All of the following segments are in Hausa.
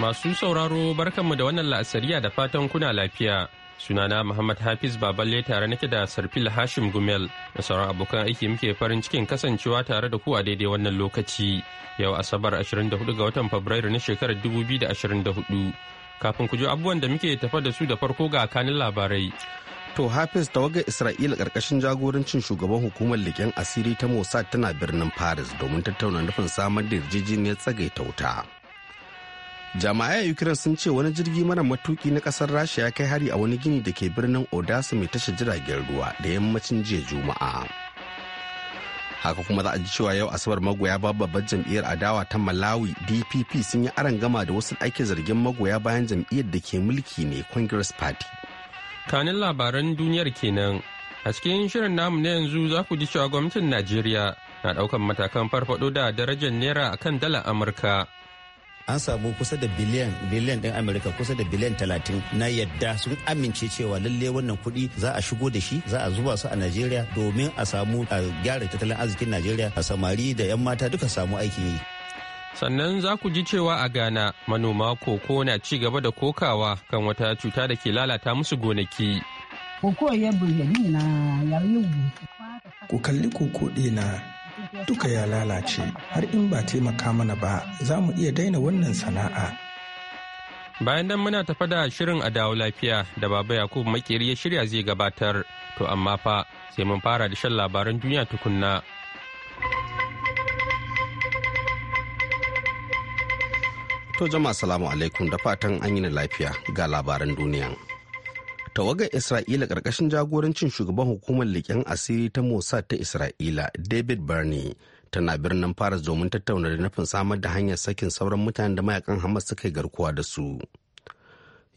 Masu sauraro barkanmu da wannan la'asariya da fatan kuna lafiya. Sunana Muhammad Hafiz Baballe tare nake da Sarfil Hashim Gumel da sauran abokan aiki muke farin cikin kasancewa tare da ku a daidai wannan lokaci. Yau Asabar 24 ga watan Fabrairu na shekarar 2024. Kafin ku ji abubuwan da muke tafa da su da farko ga kanin labarai. To Hafiz tawagar Isra'ila ƙarƙashin jagorancin shugaban hukumar leƙen asiri ta Mossad tana birnin Paris domin tattauna nufin samar da yarjejeniyar tsagaita wuta. jami'ai a ukraine sun ce wani jirgi mara matuki na kasar rasha ya kai hari a wani gini da ke birnin odessa mai tashar jiragen ruwa da yammacin jiya juma'a haka kuma za a ji cewa yau asabar magoya babbar jam'iyyar adawa ta malawi dpp sun yi aron gama da wasu ake zargin magoya bayan jam'iyyar da ke mulki ne congress party kanin labaran duniyar kenan a cikin shirin namu na yanzu za ku ji cewa gwamnatin najeriya na daukan matakan farfado da darajar naira akan dala amurka an samu kusa da biliyan biliyan din amurka kusa da biliyan talatin na yadda sun amince cewa lalle wannan kuɗi za a shigo da shi za a zuba su a najeriya domin a samu a gyara tattalin arzikin najeriya a samari da 'yan mata duka samu aikin yi sannan za ku ji cewa a gana manoma koko na ci gaba da kokawa kan wata cuta da ke lalata musu gonaki koko ya bayyana yayin ku kalli koko dina. duka ya lalace har in ba taimaka mana ba za mu iya daina wannan sana'a. Bayan nan muna tafa da shirin a dawo lafiya da Baba Yakubu Makeri ya shirya zai gabatar, to amma fa sai mun fara da shan labaran duniya tukunna. To jama'a salamu alaikum da fatan an yi lafiya ga labaran duniya. tawagar isra'ila ƙarƙashin jagorancin shugaban hukumar leƙen asiri ta mossad ta isra'ila david barney tana birnin paris domin tattauna da nufin samar da hanyar sakin sauran mutanen da mayakan hamas suka yi garkuwa da su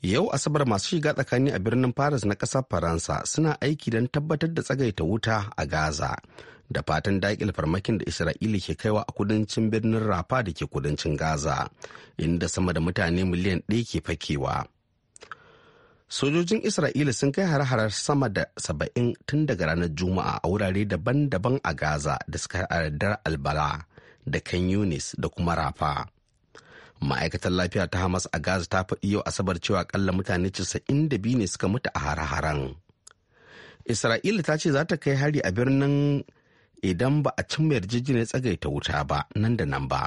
yau asabar masu shiga tsakani a birnin paris na ƙasar faransa suna aiki don tabbatar da tsagaita wuta a gaza da fatan daƙil farmakin da isra'ila ke kaiwa a kudancin birnin rafa da ke kudancin gaza inda sama da mutane miliyan ɗaya ke fakewa sojojin isra'ila sun kai har-harar sama da saba'in tun daga ranar juma'a a wurare daban-daban a gaza da suka dar albala da kan yunis da kuma rafa ma'aikatar lafiya ta hamas a gaza ta faɗi yau asabar cewa kalla mutane biyu ne suka mutu a har isra'ila ta ce za ta kai hari a birnin idan ba a cimma yarjejeniyar tsagaita wuta ba nan da nan ba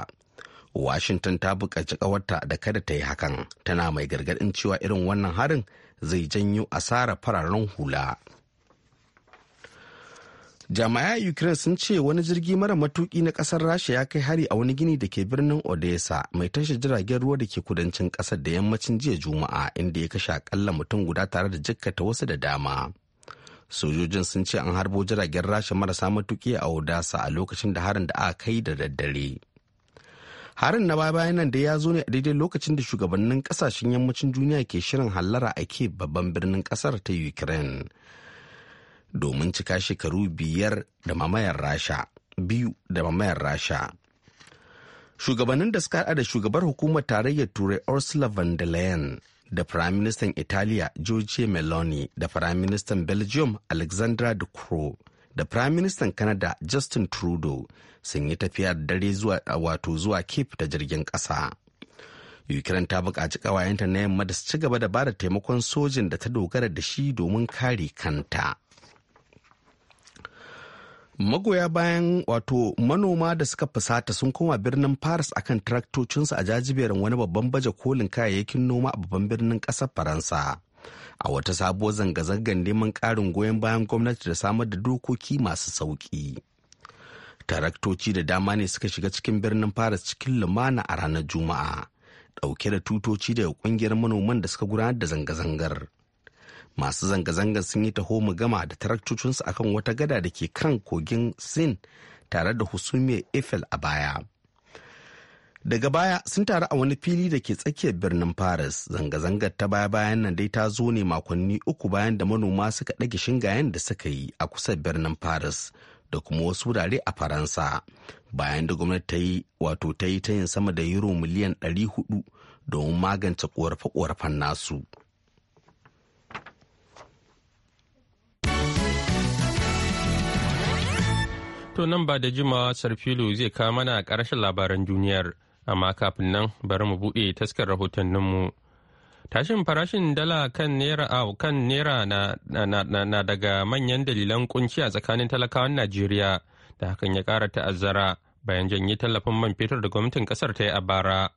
washington ta buƙaci ƙawarta da kada ta yi hakan tana mai gargaɗin cewa irin wannan harin zai janyo asara fararen hula jami'ai a ukraine sun ce wani jirgi mara matuki na kasar rasha ya kai hari a wani gini da ke birnin odessa mai tashi jiragen ruwa da ke kudancin kasar da yammacin jiya juma'a inda ya kashe akalla mutum guda tare da jikkata wasu da dama sojojin sun ce an harbo jiragen rasha marasa matuki a odessa a lokacin da harin da aka kai da daddare harin na baya bayan nan da ya zo ne a daidai lokacin da shugabannin kasashen yammacin duniya ke shirin hallara a ke babban birnin kasar ta ukraine domin cika shekaru biyar da mamayar rasha biyu da mamayar rasha shugabannin da suka da shugabar hukumar tarayyar turai ursula von der leyen da firaministan italiya giorgio meloni da firaministan belgium alexandra de croo da firaministan Canada Justin Trudeau sun yi tafiya da dare zuwa wato zuwa Cape da jirgin ƙasa. Ukraine ta buƙaci ƙawayenta na yamma da su ci gaba da bada taimakon sojin da ta dogara da shi domin kare kanta. Magoya bayan wato manoma da suka fusata sun koma birnin Paris akan traktocinsu a jajibiyar wani babban baje kolin kayayyakin noma a babban birnin ƙasar Faransa. a wata sabuwar zanga-zangar neman ƙarin goyon bayan gwamnati da samar da dokoki masu sauƙi. Taraktoci da dama ne suka shiga cikin birnin Paris cikin lumana a ranar Juma'a, ɗauke da tutoci daga ƙungiyar manoman da suka gudanar da zanga-zangar. Masu zanga-zangar sun yi taho mu gama da taraktocinsu akan wata gada da ke kan kogin Sin tare da husumiyar Eiffel a baya. daga baya sun taru a wani fili da ke tsakiyar birnin paris zanga-zangar ta baya bayan nan dai ta zo ne makonni uku bayan da manoma suka ɗage shingayen da suka yi a kusa birnin paris da kuma wasu wurare a faransa bayan da gwamnati ta yi wato ta yi ta yin sama da euro miliyan 400 domin magance korafe-korafen nasu To nan ba da jimawa Sarfilo zai kawo mana ƙarshen labaran duniyar. amma kafin nan bari mu buɗe taskar rahotanninmu tashin farashin dala kan naira a kan naira na, daga manyan dalilan kunci a tsakanin talakawan najeriya da hakan ya ƙara ta'azzara bayan janye tallafin man fetur da gwamnatin ƙasar ta yi a bara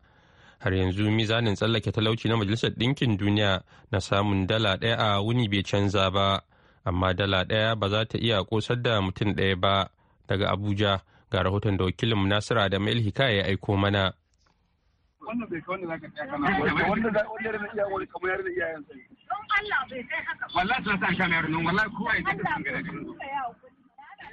har yanzu mizanin tsallake talauci na majalisar ɗinkin duniya na samun dala ɗaya a wuni bai canza ba amma dala ɗaya ba za ta iya kosar da mutum ɗaya ba daga abuja ga rahoton da wakilin nasiru adamu hikaya ya aiko mana wannan bai kai wanda zaka tsaya kana wanda da wanda da iya wani kamar yar da iyayen sai don Allah bai kai haka wallahi ta san kamar nan wallahi kowa ya ta san gare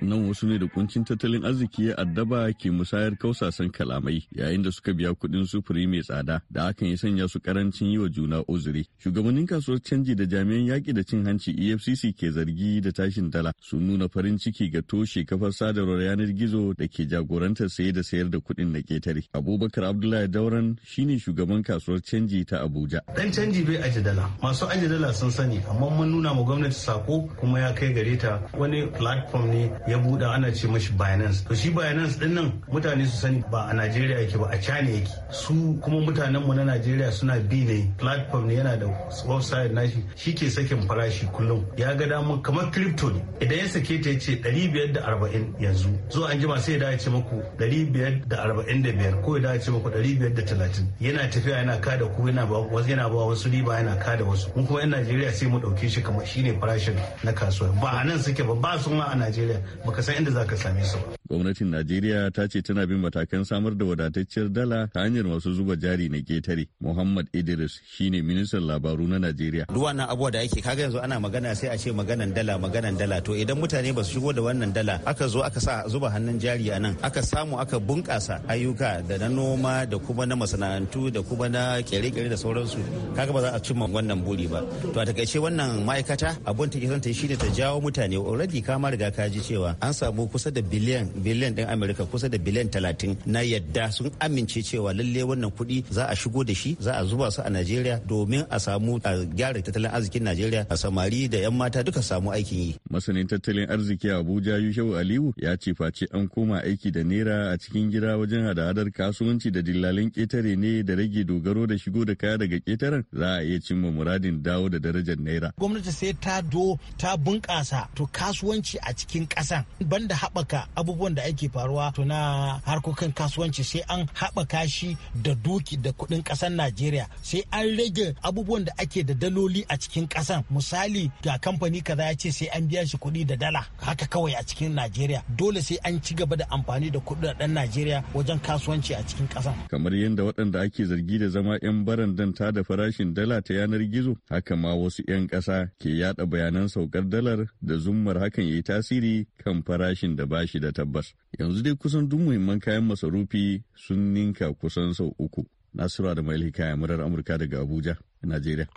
nan wasu ne da kuncin tattalin arziki ya addaba ke musayar kausasan kalamai yayin da suka biya kuɗin sufuri mai tsada da hakan ya sanya su karancin yi wa juna uzuri shugabannin kasuwar canji da jami'an yaƙi da cin hanci efcc ke zargi da tashin dala sun nuna farin ciki ga toshe kafar sadarwar yanar gizo da ke jagorantar saye da sayar da kuɗin na ketare abubakar abdullahi dauran shine shugaban kasuwar canji ta abuja dan canji bai aje dala masu aje dala sun sani amma mun nuna ma gwamnati sako kuma ya kai gare ta wani platform ne ya buɗe ana ce mashi Binance to shi Binance din nan mutane su sani ba a Najeriya yake ba a China yake su kuma mutanen mu na Najeriya suna bi ne platform ne yana da website nashi shi ke sakin farashi kullum ya ga dama kamar crypto ne idan ya sake ta yace 540 yanzu zo an jima sai ya dace muku 545 ko ya dace muku 530 yana tafiya yana kada ku yana ba wasu yana ba wasu riba yana kada wasu mu kuma yan Najeriya sai mu ɗauke shi kamar ne farashin na kasuwa ba a nan suke ba ba su ma a Najeriya baka san inda zaka same su ba gwamnatin najeriya ta ce tana bin matakan samar da wadatacciyar dala ta hanyar masu zuba jari na ketare muhammad idris shine ministan labaru na najeriya duk wannan abubuwa da ake kaga yanzu ana magana sai a ce maganan dala maganan dala to idan mutane ba su shigo da wannan dala aka zo aka sa zuba hannun jari a nan aka samu aka bunkasa ayyuka da na noma da kuma na masana'antu da kuma na kere-kere da sauransu kaga ba za a cimma wannan buri ba to a takaice wannan ma'aikata abun take son ta shi shine ta jawo mutane already ka ma riga ka ji cewa cewa an samu kusa da biliyan biliyan din amurka kusa da biliyan talatin na yadda sun amince cewa lalle wannan kuɗi za a shigo da shi za a zuba su a najeriya domin a samu a gyara tattalin arzikin najeriya a samari da yan mata duka samu aikin yi masanin tattalin arziki abuja yushewu aliyu ya ce face an koma aiki da naira a cikin gida wajen hada-hadar kasuwanci da dillalin ƙetare ne da rage dogaro da shigo da kaya daga ƙetaren za a iya cimma muradin dawo da darajar naira gwamnati sai ta do ta bunƙasa to kasuwanci a cikin ƙasa ƙasan banda haɓaka abubuwan da ake faruwa to na harkokin kasuwanci sai an haɓaka shi da duki da kuɗin ƙasar najeriya sai an rage abubuwan da ake da daloli a cikin ƙasan misali ga kamfani kaza ya ce sai an biya shi kuɗi da dala haka kawai a cikin najeriya dole sai an ci gaba da amfani da ɗan najeriya wajen kasuwanci a cikin ƙasan kamar yadda waɗanda ake zargi da zama 'yan barandan ta da farashin dala ta yanar gizo haka ma wasu 'yan ƙasa ke yada bayanan saukar dalar da zummar hakan ya yi tasiri kan farashin da ba shi da tabbas. Yanzu dai kusan duk muhimman kayan masarufi sun ninka kusan sau uku. Nasura da mai Hikaya murar Amurka daga Abuja, Najeriya.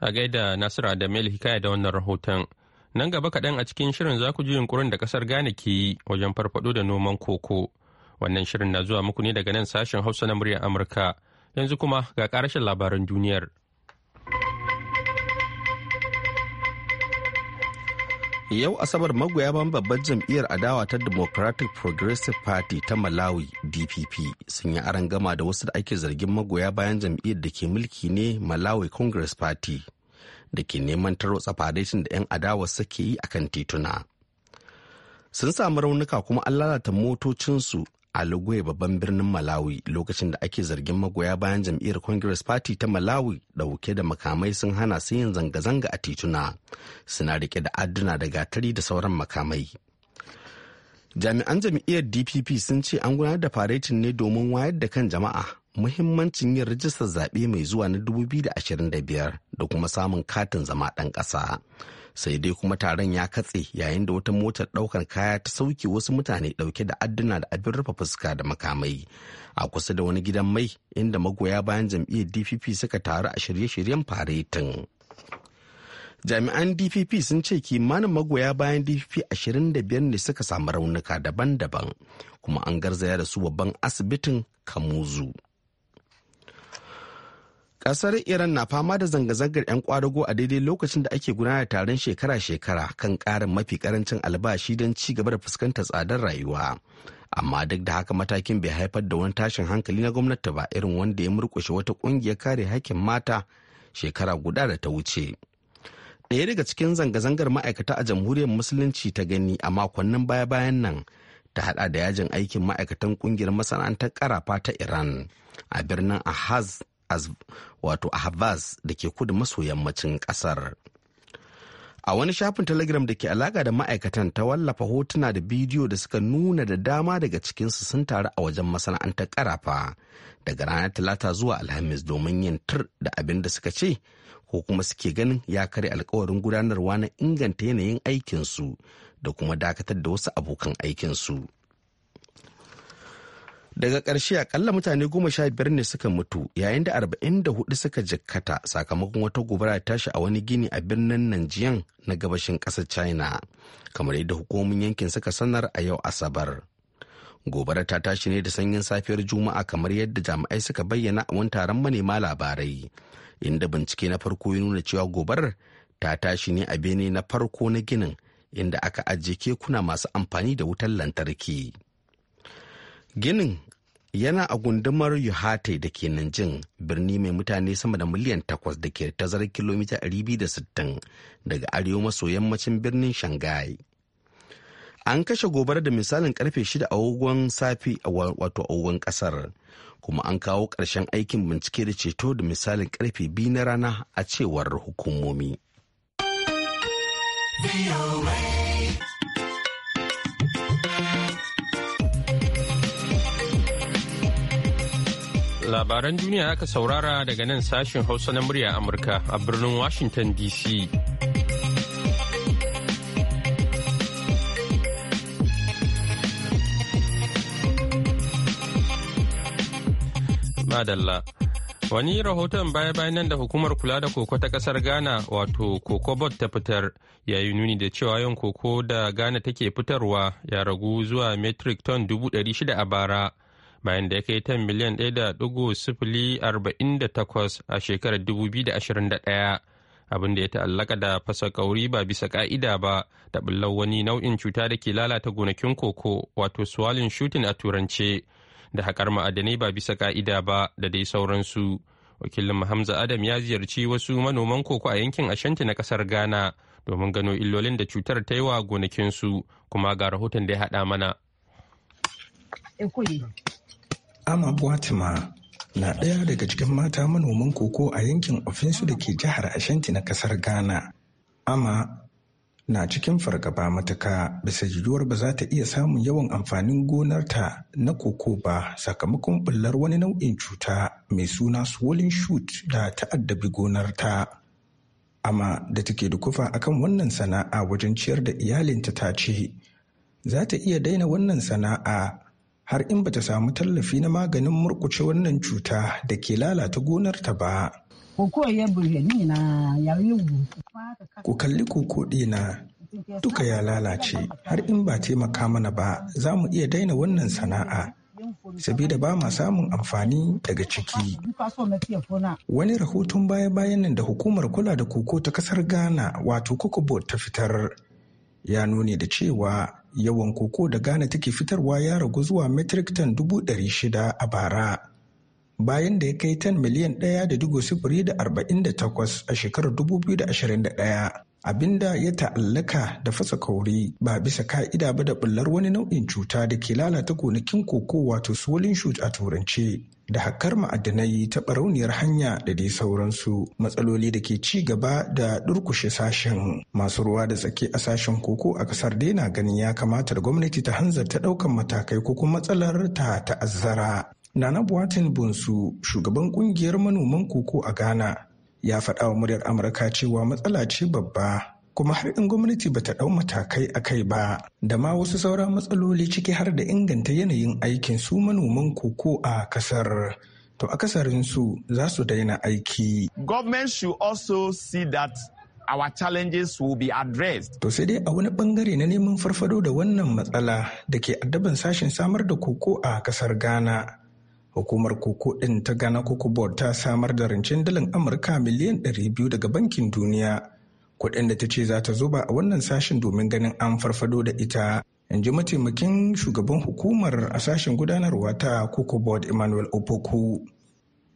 A gaida Nasura da mai Hikaya da wannan rahoton. Nan gaba kaɗan a cikin shirin za ku ji yunkurin da ƙasar Ghana ke yi wajen farfaɗo da noman koko. Wannan shirin na zuwa muku ne daga nan sashen Hausa na muryar Amurka. Yanzu kuma ga ƙarashin labaran duniyar. Yau Asabar magoya ban babbar jam'iyyar adawa ta Democratic Progressive Party ta Malawi DPP sun yi gama da wasu da ake zargin magoya bayan jam'iyyar da ke mulki ne Malawi Congress Party da ke neman tarwatsa fadaitin da 'yan adawa suke yi a kan tituna. Sun samu raunuka kuma an lalata motocinsu a Lagoya babban birnin Malawi lokacin da ake zargin magoya bayan jam'iyyar Congress Party ta Malawi dauke da makamai sun hana su yin zanga-zanga a tituna. Suna rike da adduna da gatari da sauran makamai. Jami'an jam'iyyar DPP sun ce an gudanar da faretin ne domin wayar da kan jama'a muhimmancin yin rijistar zaɓe mai zuwa na 2025 da kuma samun katin zama ɗan ƙasa. sai dai kuma taron ya katse yayin da wata motar ɗaukar kaya ta sauke wasu mutane ɗauke da adduna da abin rufe fuska da makamai a kusa da wani gidan mai inda magoya bayan jam'iyyar dpp suka taru a shirye-shiryen faretin jami'an dpp sun ce kimanin magoya bayan dpp 25 ne suka samu raunuka daban-daban kuma an garzaya da su babban asibitin kamuzu Kasar Iran na fama da zanga-zangar 'yan kwadago a daidai lokacin da ake gudanar taron shekara-shekara kan ƙarin mafi karancin albashi don ci gaba da fuskantar tsadar rayuwa. Amma duk da haka matakin bai haifar da wani tashin hankali na gwamnati ba irin wanda ya murƙushe wata ƙungiyar kare haƙƙin mata shekara guda da ta wuce. Ɗaya daga cikin zanga-zangar ma'aikata a jamhuriyar musulunci ta gani a makonnin baya-bayan nan ta hada da yajin aikin ma'aikatan ƙungiyar masana'antar karafa ta Iran a birnin Ahaz wato a da ke kudu maso yammacin ƙasar. A wani shafin Telegram da ke alaƙa da ma'aikatan ta wallafa hotuna da bidiyo da suka nuna da dama daga cikinsu sun taru a wajen masana'antar karafa daga ranar Talata zuwa Alhamis domin yin tur da abin da suka ce ko kuma suke ganin ya karya alkawarin gudanarwa na inganta yanayin aikinsu da kuma dakatar da wasu abokan aikinsu. daga ƙarshe akalla mutane goma sha biyar ne suka mutu yayin da arba'in da hudu suka jikkata sakamakon wata gobara tashi a wani gini a birnin nanjiyan na gabashin ƙasar china kamar yadda hukumomin yankin suka sanar a yau asabar gobara ta tashi ne da sanyin safiyar juma'a kamar yadda jami'ai suka bayyana a wani taron manema labarai inda bincike na farko ya nuna cewa gobarar ta tashi ne a bene na farko na ginin inda aka ajiye kekuna masu amfani da wutar lantarki ginin yana a gundumar Yuhate da ke Nanjin birni mai mutane sama da miliyan takwas da ke tazarar kilomita 260 daga arewa maso yammacin birnin Shanghai. An kashe gobara da misalin karfe shida a wogon safi a wato ogon kasar kuma an kawo ƙarshen aikin bincike da ceto da misalin karfe biyu na rana a cewar hukumomi. Labaran duniya aka saurara daga nan sashin Hausa na murya Amurka a birnin Washington DC. Madalla. Wani rahoton baya-bayan nan da hukumar kula da koko ta kasar Ghana wato kokobot ta fitar ya yi nuni da cewa yin koko da Ghana take fitarwa ya ragu zuwa metric ton 600 a bara. bayan da ya kai tan miliyan 1.048 a shekarar 2021 abin da ya ta'allaka da fasa kauri ba bisa ka'ida ba da bullar wani nau'in cuta da ke lalata gonakin koko wato swallowing shooting a turance da haƙar ma'adanai ba bisa ka'ida ba da dai sauransu wakilin hamza adam ya ziyarci wasu manoman koko a yankin ashanti na ƙasar ghana domin gano illolin da cutar ta yi wa gonakinsu kuma ga rahoton da ya haɗa mana. Eh, Ama Buatima na ɗaya daga cikin mata manoman koko a yankin ofinsu da ke jihar Ashanti na kasar Ghana. Ama na cikin fargaba matuka bisa yiwuwar ba za ta iya samun yawan amfanin gonarta na koko ba sakamakon bullar wani nau'in cuta mai suna swollen shoot da ta'addabi gonarta. Ama da take da kufa akan wannan sana'a wajen ciyar da iyalinta ta ce, za ta iya daina wannan sana'a har in bata samu tallafi na maganin murkuce wannan cuta da ke lalata ta ba. Ku kalli koko ɗina duka ya lalace har in ba taimaka mana ba za mu iya daina wannan sana'a. Sabida ba ma samun amfani daga ciki. Wani rahoton baya-bayan nan da hukumar kula da koko ta kasar Ghana wato Kokobot ta fitar ya nuni da cewa yawan koko da ghana take fitarwa ya ragu zuwa metric ton dubu ɗari shida a bara bayan da ya kai tan miliyan ɗaya da sifiri da arba'in da takwas a shekarar dubu biyu da ashirin da ɗaya abinda ya ta'allaka da fasa kauri ba bisa ka'ida ba da bullar wani nau'in cuta da ke lalata gonakin koko wato swollen shoot a turance da hakar ma'adanai ta barauniyar hanya da dai sauransu matsaloli da ke ci gaba da durkushe sashen masu ruwa da tsaki a sashen koko a kasar daina ganin ya kamata da gwamnati ta hanzarta ɗaukan matakai ko kuma matsalar ta ta'azzara nana buwatin bunsu shugaban kungiyar manoman koko a ghana ya faɗa wa muryar amurka cewa matsala ce babba kuma har in gwamnati bata ɗau matakai a kai ba da ma wasu sauran matsaloli ciki har da inganta yanayin aikin su manoman koko a kasar to akasarinsu za su daina aiki. Government should also see that our challenges will be addressed. To sai dai a wani bangare na neman farfado da wannan matsala da ke addaban sashen samar da koko a kasar Ghana. Hukumar koko ɗin ta gana koko Board ta samar da rancen dalan Amurka miliyan 200 daga Bankin Duniya. Kuɗin da ta ce za ta zuba a wannan sashen domin ganin an farfado da ita. In ji mataimakin shugaban hukumar a sashen gudanarwa ta koko Board Emmanuel Opoku.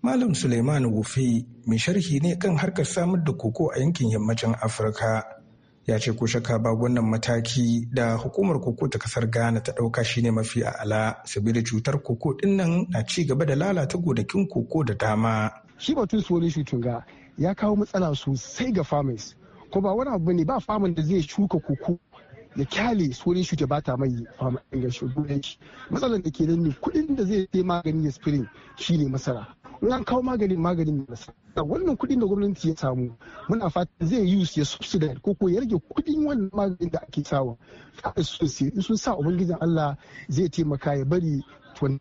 Malam Suleiman Wufi mai sharhi ne kan harkar samar da koko a yankin yammacin Afirka. ya ce ko shaka ba wannan mataki da hukumar koko ta kasar ghana ta dauka shine mafi a'ala saboda cutar koko dinnan na ci gaba da lalata gonakin koko da dama shi batun suwani shutun ga ya kawo matsala sosai ga farmers ko ba wani abu ne ba farmer da zai shuka koko ya kyale suwani shuta ba ta mai farmer ingashin shugabanci matsalar da ke nan ne kudin da zai je magani ya spring shine masara kawo maganin maganin da nasa wannan kudin da gwamnati ya samu muna fatan zai yi ya subsidize ko ko ya rage kudin wannan maganin da ake sawa in sun sa ubangijin Allah zai taimaka ya bari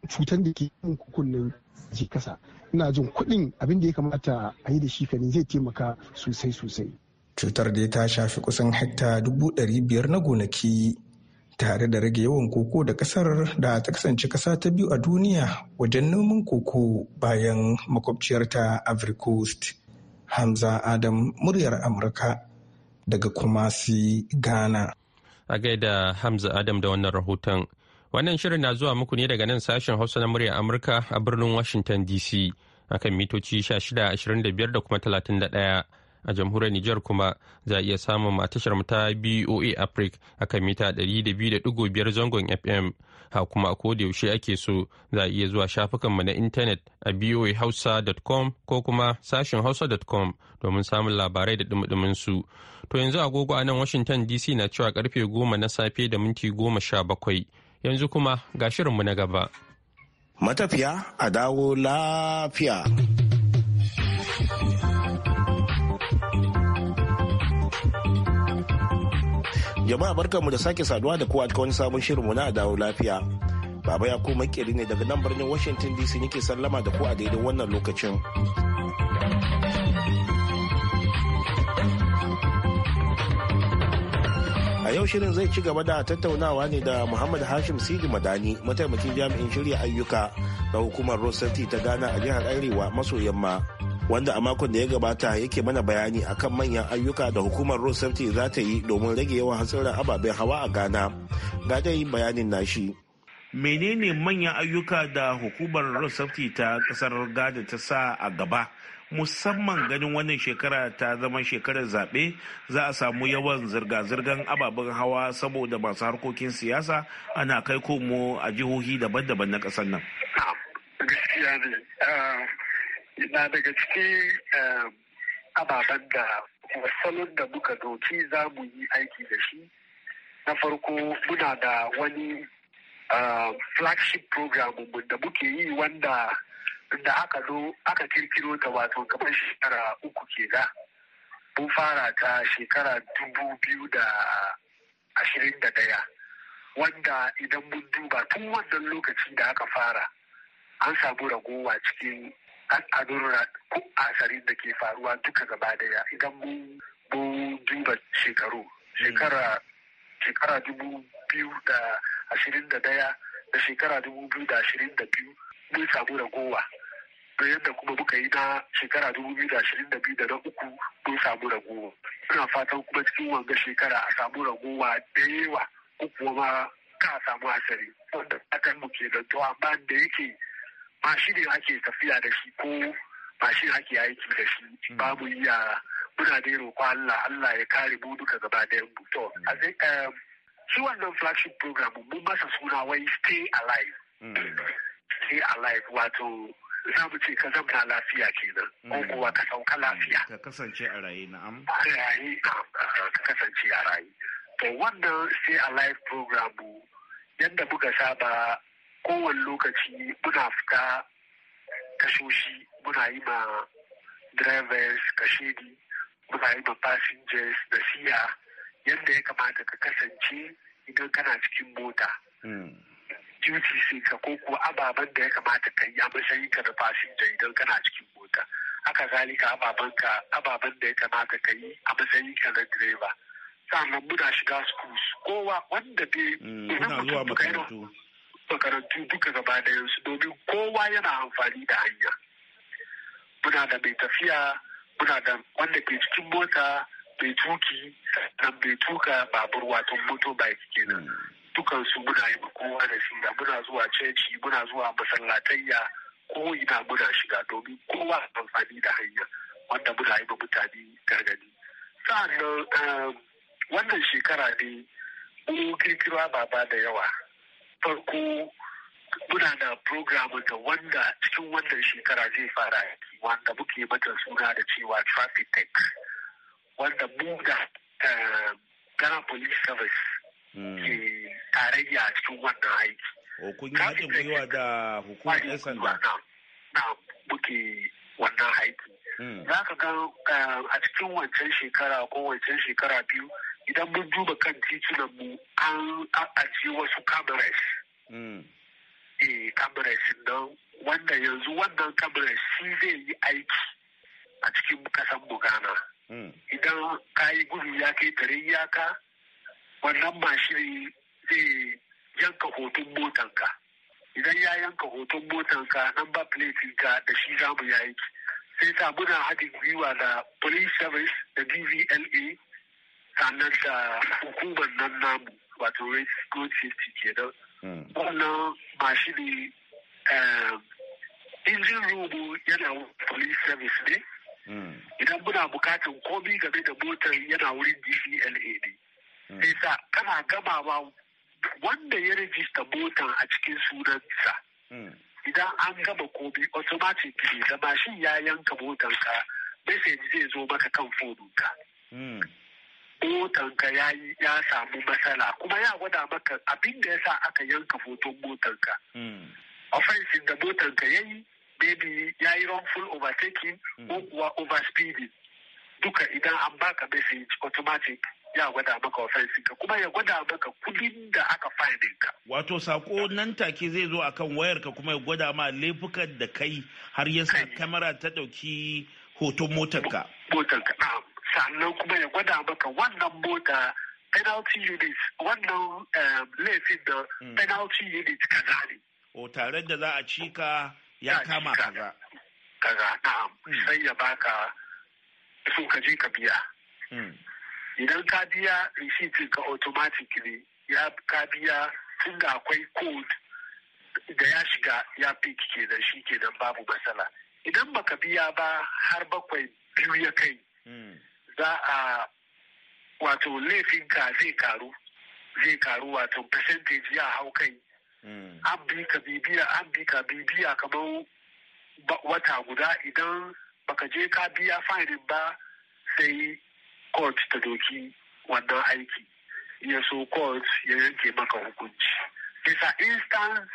cutar da ke yin kukunan ji kasa ina jin kudin abin da ya kamata a yi da shi kanin zai taimaka sosai sosai cutar da ta shafi kusan hekta dubu ɗari biyar na gonaki tare da rage yawan koko da kasar da ta kasance kasa ta biyu a duniya wajen noman koko bayan makwabciyarta Ivory Coast. Hamza Adam muryar Amurka daga Kumasi, Ghana. A gaida Hamza Adam da wannan rahoton. Wannan shirin na zuwa muku ne daga nan sashen Hausa na muryar Amurka a birnin Washington DC akan mitoci 25 da kuma 31. a jamhuriyar Nijar kuma za a iya samun matashar ta BOA Africa a kan mita 200.5 zangon FM. Ha kuma a koda yaushe ake so za a iya zuwa shafukanmu na intanet a boahausa.com ko kuma sashen hausa.com domin samun labarai da dumudumin su. To yanzu agogo a nan Washington DC na cewa karfe goma na safe da minti goma sha bakwai. Yanzu kuma ga shirinmu na gaba. Matafiya a dawo lafiya. Jama'a barkanmu da sake saduwa da kowa wani sabon shirinmu na dawo lafiya. Baba ya ko makeri ne daga nan birnin Washington DC nake sallama da ku a daidai wannan lokacin. A yau shirin zai ci gaba da tattaunawa ne da Muhammad Hashim Sidi Madani, mataimakin jami'in shirya ayyuka da hukumar Rosati ta Ghana a jihar Arewa maso yamma. wanda a makon da ya gabata yake mana bayani akan manyan ayyuka da hukumar road safety za ta yi domin rage yawan hatsarin ababen hawa a ghana ga dai bayanin nashi menene manyan ayyuka da hukumar road safety ta kasar ghana ta sa a gaba musamman ganin wannan shekara ta zama shekarar zaɓe za a samu yawan zirga-zirgar ababen hawa saboda masu harkokin siyasa ana kai komo a jihohi daban-daban na ƙasar nan. na daga cikin eh, ababen da salon da muka doki za mu yi aiki da shi na farko muna da wani eh, flagship program da muke yi wanda da aka zo aka kirkiro ta wato kamar shekara uku ke da mun fara ta shekara dubu biyu da ashirin da daya wanda idan mun duba tun wannan lokacin da aka fara an samu ragowa cikin al'adurra ko asari da ke faruwa duka gaba daya idan mun duba shekaru shekara shekara dubu biyu da ashirin da daya da shekara dubu biyu da ashirin da biyu mun samu ragowa da yadda kuma muka yi na shekara dubu biyu da ashirin da biyu da na uku mun samu ragowa ina fatan kuma cikin wanga shekara a samu ragowa da yawa ko kuma ma ka samu asari wanda akan mu ke da to amma da yake mashin ne ake tafiya da shi ko mashin ake aiki da shi hmm. babu iya muna da roƙo Allah Allah ya kare mu duka gaba da mu to hmm. eh, shi wannan flagship program mu masa suna wai stay alive hmm. stay alive wato za mu ce ka zamta lafiya kenan ko kuwa ka sauka lafiya ka kasance a raye na'am raye ka kasance a raye to wannan stay alive program yadda muka saba kowane lokaci muna fita tashoshi muna yi ma drivers kashedi muna yi ma passengers siya yadda ya kamata ka kasance idan kana cikin mota hmm. duty sai ka ko kuwa ababen da ya kamata ka yi a matsayin ka da passenger idan kana cikin mota haka zalika ababen ka ababen da ya kamata ka yi a matsayin ka na driver sannan muna shiga schools kowa wanda dai hmm, Ina mutum duka makarantu duka gaba da yansu domin kowa yana amfani da hanya muna da mai tafiya muna da wanda ke cikin mota mai tuki nan mai tuka babur wato moto bike kenan dukansu muna yi kowa da da muna zuwa ceci muna zuwa masallatayya ko ina muna shiga domin kowa amfani da hanya wanda muna yi mutane gargadi sa'annan eh, wannan shekara ne mun kirkira baba da yawa farko muna da program da wanda cikin wannan shekara zai fara wanda muke mata suna da cewa traffic tech wanda mu da eh, gana Police Service hmm. ke tarayya cikin wannan aiki. O kun yi haɗin gwiwa da hukumar 'yan sanda. Na muke wannan aiki. Hmm. Za ka ga eh, a cikin wancan shekara ko wancan shekara biyu idan mun duba kan titunan mu an ajiye wasu cameras e cameras nan wanda yanzu wannan cameras shi zai yi aiki a cikin kasan bugana hmm. idan ka yi gudu ya kai ya ka wannan mashin zai yanka hoton motanka idan ya yanka hoton motanka number plate ka da shi za mu yi aiki sai sa muna haɗin gwiwa da police service da dvla sannan da hukumar nan namu wato road safety kenan hmm. wannan mashi ne eh, injin rubu yana police service ne hmm. idan muna bukatan komi game da motar yana wurin dcla ne hmm. sai sa kana gamawa wanda ya rajista motar a cikin sunansa idan an gama komi automatic ne da mashin ya yanka motar ka message zai zo maka kan fonunka motanka ya ya samu matsala kuma ya gwada maka abin da ya sa aka yanka foton motanka hmm. offensive da motanka ya yi maybe ya yi wrongful overtaking hmm. ko kuwa overspeeding duka idan an baka message automatic ya gwada maka offensive ka kuma ya gwada maka kudin da aka fine ka wato sako nan take zai zo akan wayar ka kuma ya gwada ma laifukan da kai har yasa kamera ta dauki hoton motanka. Motanka, na'am sannan kuma ya gwada maka wannan mota penalty unit wannan eh, laifin da hmm. penalty unit kaza ne. O tare da za a cika ya kama kaza. Kaza na'am hmm. sai ya baka so ka je ka biya. Hmm. Idan ka biya receipt ka automatically ya ka biya tun da akwai code da ya shiga ya fi da shi kenan babu matsala. Idan baka biya ba har bakwai biyu ya kai. za a wato ka zai karu zai karu wato percentage ya hau kai hmm. an bi ka bibiya an bi ka bibiya kamar wata guda idan baka je ka biya fainin ba sai court ta doki wannan aiki ya so court ya yanke maka hukunci bisa instant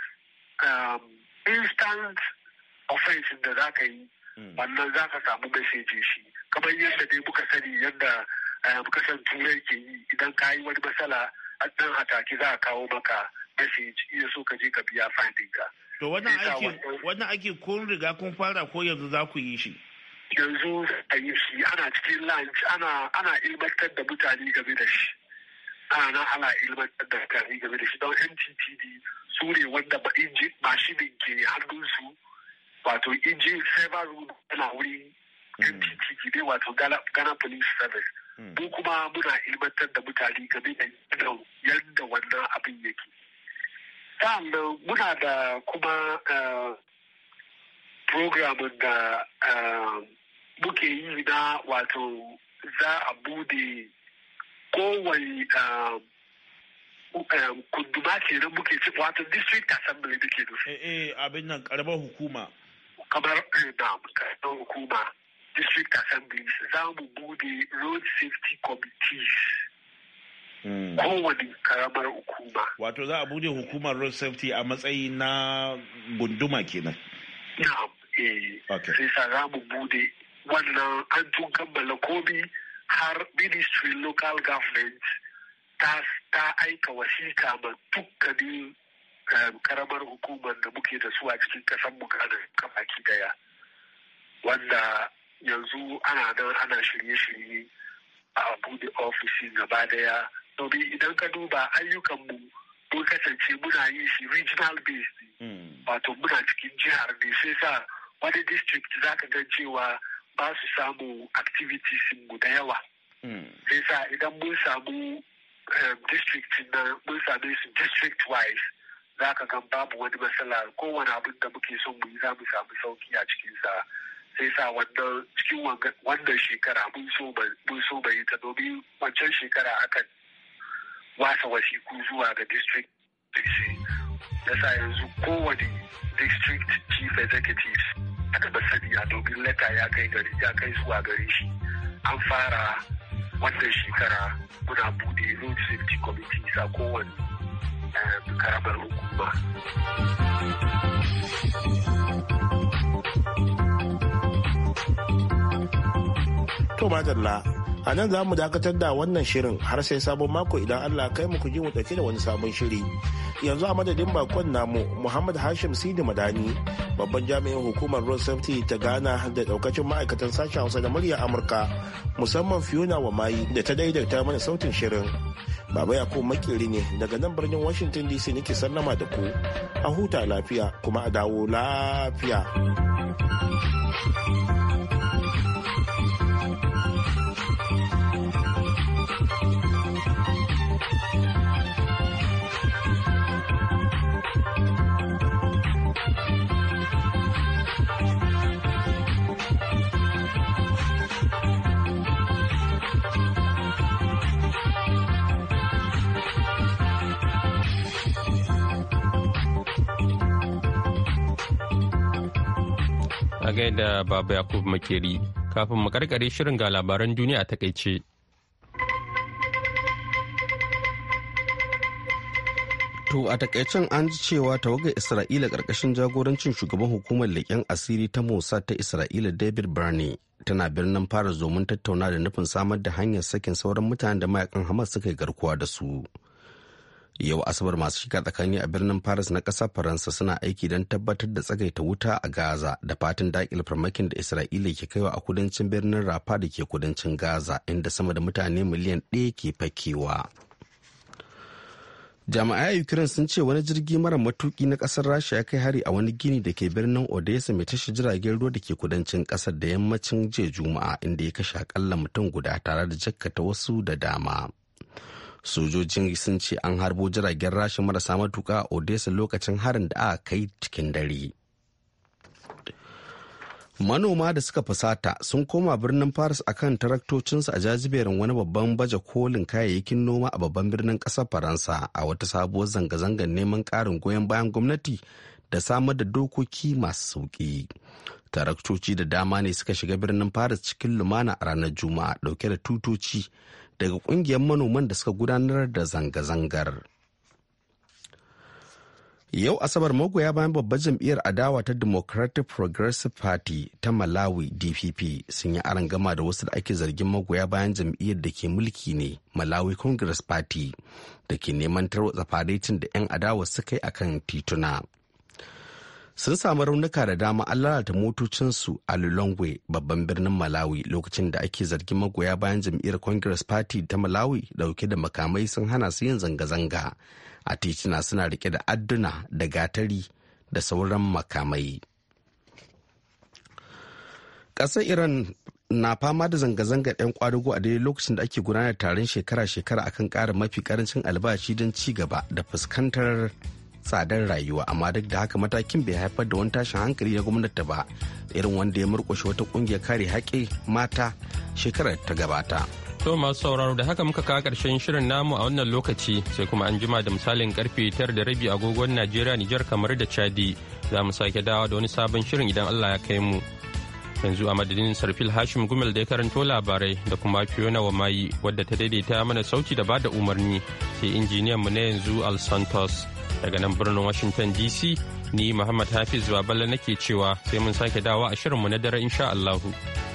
um, instant offense da za ka yi wannan hmm. za ka samu meseji shi kamar yadda dai muka sani yadda eh, muka san turai ke yi idan ka yi wani matsala an ɗan hataki za a kawo maka meseji iya so ka je ka biya finding ka. to wannan aiki kun riga kun fara ko yanzu za ku yi shi. yanzu a yi shi ana cikin lunch ana ilmantar da mutane game da shi ana nan ana ilmantar da mutane game da shi don nttd su ne wanda mashinin ke hannun su. wato inji cyber room yana wuri MPTV hmm. ne wato Ghana Police Service. Hmm. Mu kuma muna ilmantar da mutane game da yadda wannan abin yake. Sa'annan muna da kuma eh, program da eh, muke yi na wato za a bude kowai eh, kunduma kenan muke ci wato district assembly da ke nufi. Eh abin nan karamar hukuma. kamar da eh, na hukuma district assemblies za mu bude road safety committees hmm. kowane karamar hukuma. Wato za a bude hukumar road safety a matsayi na gunduma kenan. na. eh. Sai sa za mu bude wannan an tun kammala komi har ministry local government ta aika wasiƙa ma dukkanin karamar hukumar da muke da su a cikin kasan mu gane kamaki daya wanda yanzu ana nan ana shirye-shirye a bude ofishin gaba daya domin idan ka duba ayyukanmu mun kasance muna yi shi regional based hmm. wato muna cikin jihar ne sai sa wani district za ka ga cewa ba su samu activities mu da yawa hmm. sai sa idan mun samu eh, district na mun same su district wise za ka ga babu wani matsala kowane abin da muke son mu yi za mu samu sauki a cikinsa sai sa wannan cikin wannan shekara mun so bai ta domin wancan shekara akan wasa wasiku zuwa ga district dc sa yanzu kowane district chief executive aka ba sani a domin leta ya kai gari ya kai zuwa gari shi an fara wannan shekara muna bude road safety committee a kowane karamar hukuma. To madalla a nan za mu dakatar da wannan shirin har sai sabon mako idan Allah kai mu ji mu dauke da wani sabon shiri. Yanzu a madadin bakon namu Muhammad Hashim Sidi Madani babban jami'in hukumar road safety ta Ghana da daukacin ma'aikatan sashen Hausa da murya Amurka musamman Fiona Mai da ta daidaita mana sautin shirin. Baba yakub makiri ne daga nan birnin Washington DC nake sallama da ku. A huta lafiya kuma a dawo lafiya. da Baba yakubu Makeri. Kafin mu karkare shirin ga labaran duniya a takaice. To a takaicen an ji cewa tawagar Isra'ila karkashin jagorancin shugaban hukumar leƙen asiri ta musa ta Isra'ila David Barney tana birnin fara zomin tattauna da nufin samar da hanyar sakin sauran mutanen da mayakan Hamas suka yi garkuwa da su. yau asabar masu shiga tsakani a birnin paris na ƙasar faransa suna aiki don tabbatar da tsagaita wuta a gaza da fatan daƙil farmakin da isra'ila ke kaiwa a kudancin birnin rafa da ke kudancin gaza inda sama da mutane miliyan ɗaya ke fakewa jami'ai a ukraine sun ce wani jirgi mara matuki na ƙasar rasha ya kai hari a wani gini da ke birnin odessa mai tashi jiragen ruwa da ke kudancin ƙasar da yammacin jiya juma'a inda ya kashe akalla mutum guda tare da jakkata wasu da dama sojojin sun ce an harbo jiragen rashin marasa matuka a odessa lokacin harin da aka kai cikin dare manoma da suka fusata sun koma birnin paris a kan taraktocinsu a jajiberin wani babban baje kolin kayayyakin noma a babban birnin kasar faransa a wata sabuwar zanga-zangar neman karin goyon bayan gwamnati da samar da dokoki masu sauki taraktoci da dama ne suka shiga birnin paris cikin lumana a ranar juma'a dauke da tutoci daga kungiyar manoman da suka gudanar da zanga-zangar yau asabar magoya bayan babbar jam'iyyar adawa ta democratic progressive party ta malawi dpp sun yi gama da wasu da ake zargin magoya bayan jam'iyyar da ke mulki ne malawi congress party da ke neman tarwatsa faretin da 'yan adawa suka yi akan tituna sun samu raunuka da dama an lalata motocinsu a lulongwe babban birnin malawi lokacin da ake zargin magoya bayan jam'iyyar congress party ta malawi dauke da makamai sun hana su yin zanga-zanga a titina suna rike da adduna da gatari da sauran makamai ƙasar iran na fama da zanga-zanga 'yan kwadugo a daidai lokacin da ake gudanar taron shekara-shekara akan ƙara mafi karancin albashi don ci gaba da fuskantar tsadar rayuwa amma duk da haka matakin bai haifar da wani tashin hankali na gwamnati ba irin wanda ya murkushe wata kungiyar kare haƙƙi mata shekarar ta gabata. To masu sauraro da haka muka kawo ƙarshen shirin namu a wannan lokaci sai kuma an jima da misalin karfe tara da rabi agogon Najeriya Nijar kamar da Chadi za mu sake dawa da wani sabon shirin idan Allah ya kai mu. Yanzu a madadin Sarfil Hashim Gumel da ya karanto labarai da kuma Fiona wa mayi wadda ta daidaita mana sauti da bada umarni sai injiniyan mu na yanzu Al Santos. Daga nan birnin Washington DC ni Muhammad Hafiz Baballe nake cewa sai mun sake dawa a shirinmu na dare insha Allahu.